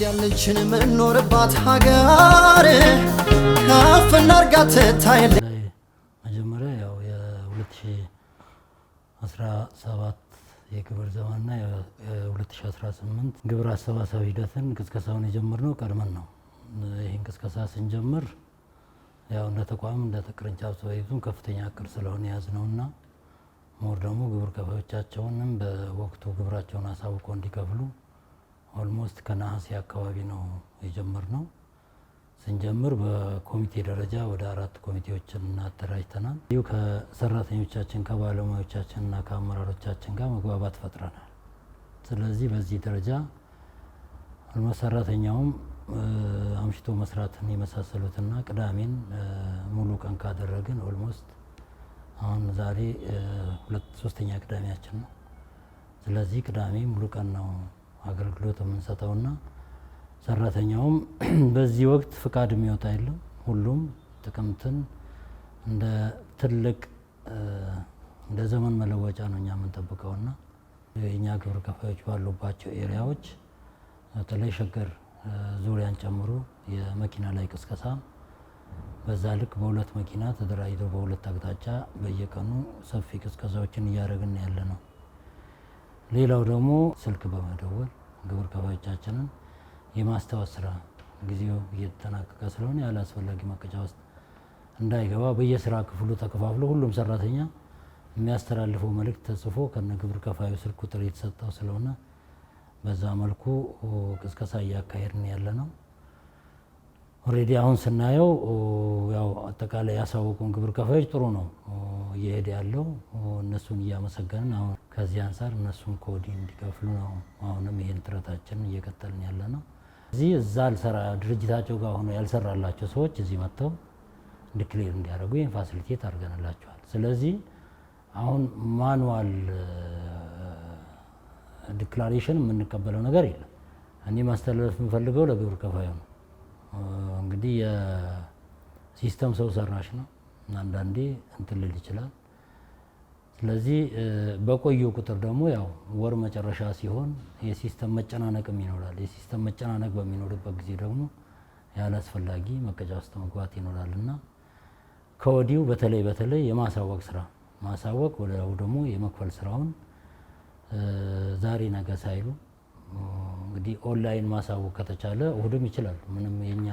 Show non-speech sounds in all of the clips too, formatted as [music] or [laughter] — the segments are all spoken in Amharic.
እንዲ ያለችን የምንኖርባት ሀገር ከፍ እናድርጋት ትታይልኝ። መጀመሪያ ያው የ2017 የግብር ዘመንና የ2018 ግብር አሰባሰብ ሂደትን ቅስቀሳውን የጀመርነው ቀድመን ነው። ይህን ቅስቀሳ ስንጀምር ያው እንደ ተቋም እንደ ቅርንጫፍ ተወይዙን ከፍተኛ እቅድ ስለሆነ የያዝነውና ሞር ደግሞ ግብር ከፋዮቻቸውንም በወቅቱ ግብራቸውን አሳውቀው እንዲከፍሉ 2015 ከነሐሴ አካባቢ ነው የጀመርነው። ስንጀምር በኮሚቴ ደረጃ ወደ አራት ኮሚቴዎችን አደራጅተናል። ይሁ ከሰራተኞቻችን ከባለሙያዎቻችንና ከአመራሮቻችን ጋር መግባባት ፈጥረናል። ስለዚህ በዚህ ደረጃ ሰራተኛውም አምሽቶ መስራትን የመሳሰሉትና ቅዳሜን ሙሉ ቀን ካደረግን ኦልሞስት አሁን ዛሬ ሁለት ሶስተኛ ቅዳሜያችን ነው። ስለዚህ ቅዳሜ ሙሉ ቀን ነው አገልግሎት የምንሰጠውና ሰራተኛውም [clears throat] በዚህ ወቅት ፍቃድ የሚወጣ የለም። ሁሉም ጥቅምትን እንደ ትልቅ እንደ ዘመን መለወጫ ነው እኛ የምንጠብቀውና የእኛ ግብር ከፋዮች ባሉባቸው ኤሪያዎች በተለይ ሸገር ዙሪያን ጨምሮ የመኪና ላይ ቅስቀሳ በዛ ልክ በሁለት መኪና ተደራጅተው በሁለት አቅጣጫ በየቀኑ ሰፊ ቅስቀሳዎችን እያደረግን ያለ ነው። ሌላው ደግሞ ስልክ በመደወል ግብር ከፋዮቻችንን የማስታወስ ስራ ጊዜው እየተጠናቀቀ ስለሆነ ያለ አስፈላጊ መቀጫ ውስጥ እንዳይገባ በየስራ ክፍሉ ተከፋፍሎ ሁሉም ሰራተኛ የሚያስተላልፈው መልእክት ተጽፎ ከነ ግብር ከፋዩ ስልክ ቁጥር የተሰጠው ስለሆነ በዛ መልኩ ቅስቀሳ እያካሄድን ያለ ነው። ኦልሬዲ አሁን ስናየው ያው አጠቃላይ ያሳወቁን ግብር ከፋዮች ጥሩ ነው እየሄደ ያለው እነሱን እያመሰገንን አሁን ከዚህ አንጻር እነሱን ከወዲህ እንዲከፍሉ ነው። አሁንም ይህን ጥረታችንን እየቀጠልን ያለ ነው። እዚህ እዛ አልሰራ ድርጅታቸው ጋር ሆኖ ያልሰራላቸው ሰዎች እዚህ መጥተው እንዲክሌር እንዲያደርጉ ይህን ፋሲሊቴት አድርገንላቸዋል። ስለዚህ አሁን ማኑዋል ዲክላሬሽን የምንቀበለው ነገር የለም። እኔ ማስተላለፍ የምፈልገው ለግብር ከፋዩ ነው። እንግዲህ የሲስተም ሰው ሰራሽ ነው። አንዳንዴ እንትልል ይችላል ስለዚህ በቆዩ ቁጥር ደግሞ ያው ወር መጨረሻ ሲሆን የሲስተም መጨናነቅም ይኖራል። የሲስተም መጨናነቅ በሚኖርበት ጊዜ ደግሞ ያለ አስፈላጊ መቀጫ ውስጥ መግባት ይኖራል እና ከወዲሁ በተለይ በተለይ የማሳወቅ ስራ ማሳወቅ ወዲያው ደግሞ የመክፈል ስራውን ዛሬ ነገ ሳይሉ እንግዲህ ኦንላይን ማሳወቅ ከተቻለ እሁድም ይችላል። ምንም የኛ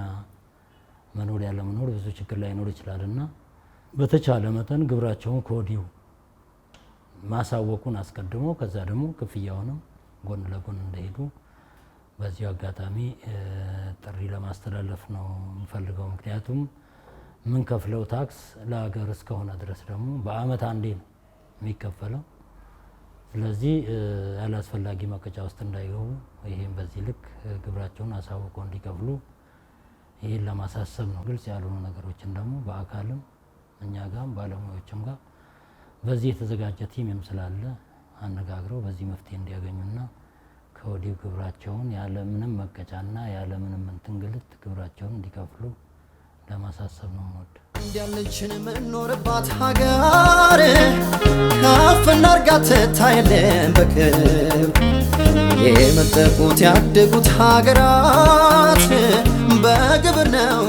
መኖር ያለመኖር ብዙ ችግር ላይኖር ይችላል እና በተቻለ መጠን ግብራቸውን ከወዲሁ ማሳወቁን አስቀድሞ ከዛ ደግሞ ክፍያውንም ጎን ለጎን እንደሄዱ በዚሁ አጋጣሚ ጥሪ ለማስተላለፍ ነው የምፈልገው። ምክንያቱም የምንከፍለው ታክስ ለሀገር እስከሆነ ድረስ ደግሞ በአመት አንዴ ነው የሚከፈለው። ስለዚህ ያላስፈላጊ መቀጫ ውስጥ እንዳይገቡ ይህም በዚህ ልክ ግብራቸውን አሳውቀው እንዲከፍሉ ይህን ለማሳሰብ ነው። ግልጽ ያልሆኑ ነገሮችን ደግሞ በአካልም እኛ ጋርም ባለሙያዎችም ጋር በዚህ የተዘጋጀ ቲምም ስላለ አነጋግረው በዚህ መፍትሄ እንዲያገኙና ከወዲሁ ግብራቸውን ምንም መቀጫና ያለ ምንም እንትንግልት ግብራቸውን እንዲከፍሉ ለማሳሰብ ነው። ወድ እንዲያለችን የምንኖርባት ሀገር ከፍና እርጋት ትታየለን በቅርብ የመጠቁት ያደጉት ሀገራት በግብር ነው